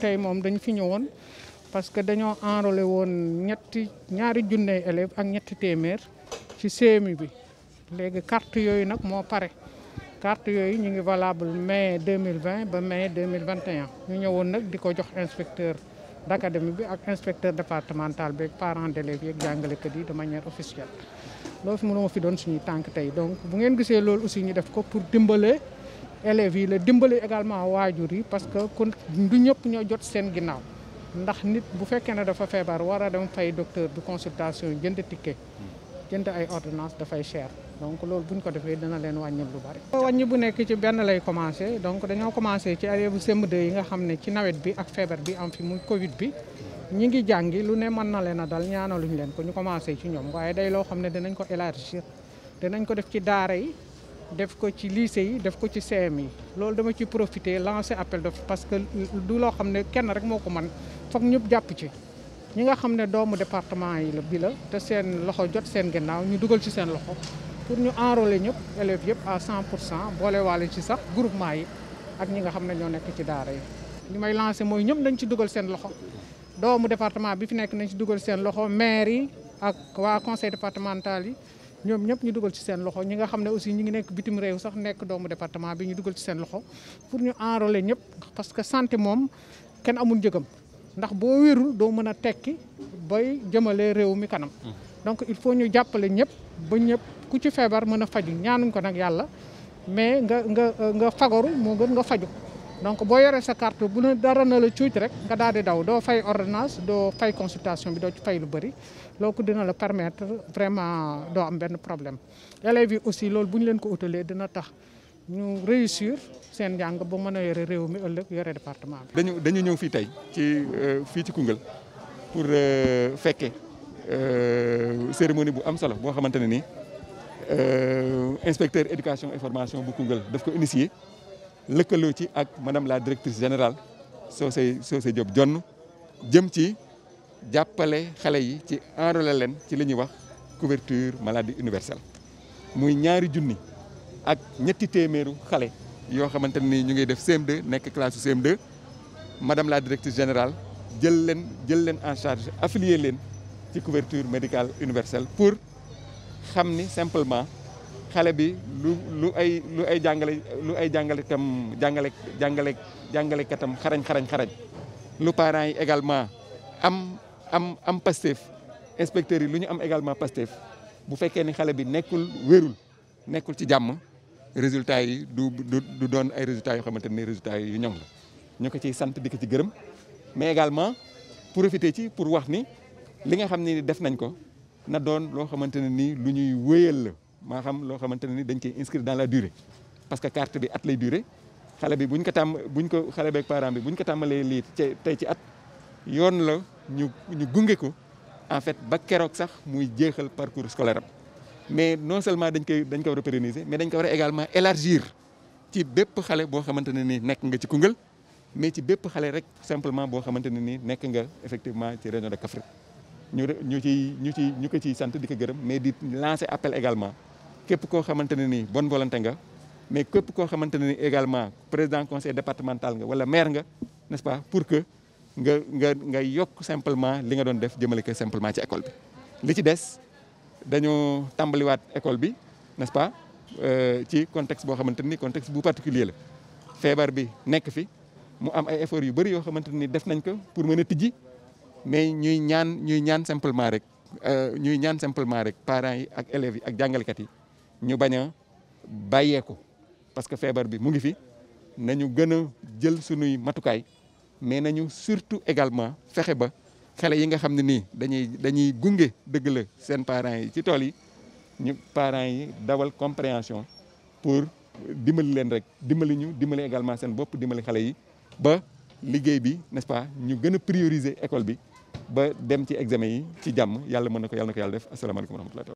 tey moom dañu fi ñëwoon parce que dañoo enrôlé woon ñetti ñaari junney élèves ak ñetti téeméer ci CMU bi léegi carte yooyu nag moo pare carte yooyu ñu ngi valable mai 2020 ba mai 2021 ñu ñëwoon nag di ko jox inspecteur d'académie bi ak inspecteur départemental bi ak parents d'élèves yi ak jàngalekat yi de manière officielle loolu fi mënoo fi doon suñuy tànk tey donc bu ngeen gisee loolu aussi ñu def ko pour dimbale élèves yi la dimbale également waajur yi parce que kon du ñëpp ñoo jot seen ginnaaw ndax nit bu fekkee ne dafa feebar war a dem fay docteur bi consultation jënd ticket jënd ay ordonnance dafay cher donc loolu buñ ko defee dina leen wàññil lu bari. wàññi bu nekk ci benn lay commencé donc dañoo commencé ci élèves semb 2 yi nga xam ne ci nawet bi ak feebar bi am fi muy Covid bi. ñi ngi jàngi lu ne mën na leen a dal ñaanaluñ leen ko ñu commencé ci ñoom waaye day loo xam ne danañ ko élargir danañ ko def ci daara yi def ko ci lycée yi def ko ci CM yi loolu dama ci profiter lancer appel d'offres parce que du loo xam ne kenn rek moo ko man foog ñëpp jàpp ci ñi nga xam ne doomu département yi la bi la te seen loxo jot seen gannaaw ñu dugal ci seen loxo pour ñu enrôler ñëpp élèves yëpp à cent pour cent boolewaale ci sax groupement yi ak ñi nga xam ne ñoo nekk ci daara yi li may lancer ñëpp dañ ci dugal seen loxo doomu département bi fi nek nañ ci duggal seen loxo maire yi ak wa conseil départemental yi ñom ñep ñu duggal ci seen loxo ñi nga xamne aussi ñi ngi nek bitim rew sax nek doomu département bi ñu duggal ci seen loxo pour ñu enrôler ñep parce que santé mom kenn amuñ jëgëm ndax bo wérul do mëna tekki bay jëmele rew mi kanam donc il faut ñu jappalé ñep ba ñep ku ci feebar mëna faju ñaanuñ ko nak yalla mais nga nga nga fagaru mo gën nga faju donc boo yoree sa carte bu ne dara na la cuuc rek nga daal di daw doo fay ordonnance doo fay consultation bi doo fay lu bëri loolu ko dina la permettre vraiment doo am benn problème élèves yi aussi loolu bu ñu leen ko utalee dina tax ñu réussir seen njàng ba mën a yore réew mi ëllëg yore département bi. dañu dañu ñëw fii tey ci euh, fii ci Koungheul pour euh, fekkee euh, cérémonie bu am solo boo xamante ne ni inspecteur éducation et formation bu Koungheul def ko initier. lëkkaloo ci ak madame la directrice générale Socé Socé job jonn jëm ci jàppale xale yi ci enrôler leen ci li ñuy wax couverture maladie universelle muy ñaari junni ak ñetti téeméeru xale yoo xamante ni ñu ngi def CM2 nekk classe CM2 madame la directrice générale jël leen jël leen en charge affilier leen ci couverture médicale universelle pour xam ni simplement xale bi lu lu ay lu ay jàngale lu ay jàngaletam jàngale jàngale jàngalekatam xarañ xarañ xarañ lu parents yi également am am am Pastef inspecteurs yi lu ñu am également Pastef bu fekkee ni xale bi nekkul wérul nekkul ci jàmm résultat yi du du doon ay résultats yoo xamante ni résultats yu ñoom la ñu ko ciy sant di ko ci gërëm mais également profiter ci pour wax ni li nga xam ne def nañ ko na doon loo xamante ne nii lu ñuy wéyal la maa xam loo xamante ne ni dañ koy inscrire dans la durée parce que carte bi at lay durée xale bi buñ ko tàmm buñ ko xale beeg parent bi buñ ko tàmmalee lii tey ci at yoon la ñu ñu gunge ko en fait ba keroog sax muy jéexal parcours scolaire am mais non seulement dañ koy dañ ko war a pérenniser mais dañ ko war a également élargir ci bépp xale boo xamante ne ni nekk nga ci Koungheul mais ci bépp xale rek simplement boo xamante ne ni nekk nga effectivement ci région de Kaffrine ñu ñu ciy ñu ciy ñu ko ciy sant di ko gërëm mais di lancer appel également képp koo xamante ni nii bonne volonté nga mais képp koo xamante ni également président conseil départemental nga wala maire nga n'est-ce pas pour que nga nga nga yokk simplement li nga doon def jëmale ko simplement ci école bi li ci des dañoo tàmbaliwaat école bi n'est-ce pas euh, ci contexte boo xamante ni contexte bu particulier la feebar bi nekk fi mu am ay effort yu bëri yoo xamante ni def nañ ko pour mën a mais ñuy ñaan ñuy ñaan simplement rek euh, ñuy ñaan simplement rek parents yi ak élèves yi ak jàngalekat yi ñu baña bayé ko parce que fièvre bi mu ngi fi nañu gëna jël sunuy matukay mais nañu surtout également fexé ba xalé yi nga xamni ni dañuy dañuy gunge deug le sen parents yi ci tol yi ñu parents yi dawal compréhension pour dimbali len rek dimbali ñu dimbali également sen bop dimbali xalé yi ba liggéey bi n'est-ce pas ñu gëna prioriser école bi ba dem ci examen yi ci jàmm yàlla mën na ko yàlla na ko yàlla def asalaamaaleykum wa rahmatulah.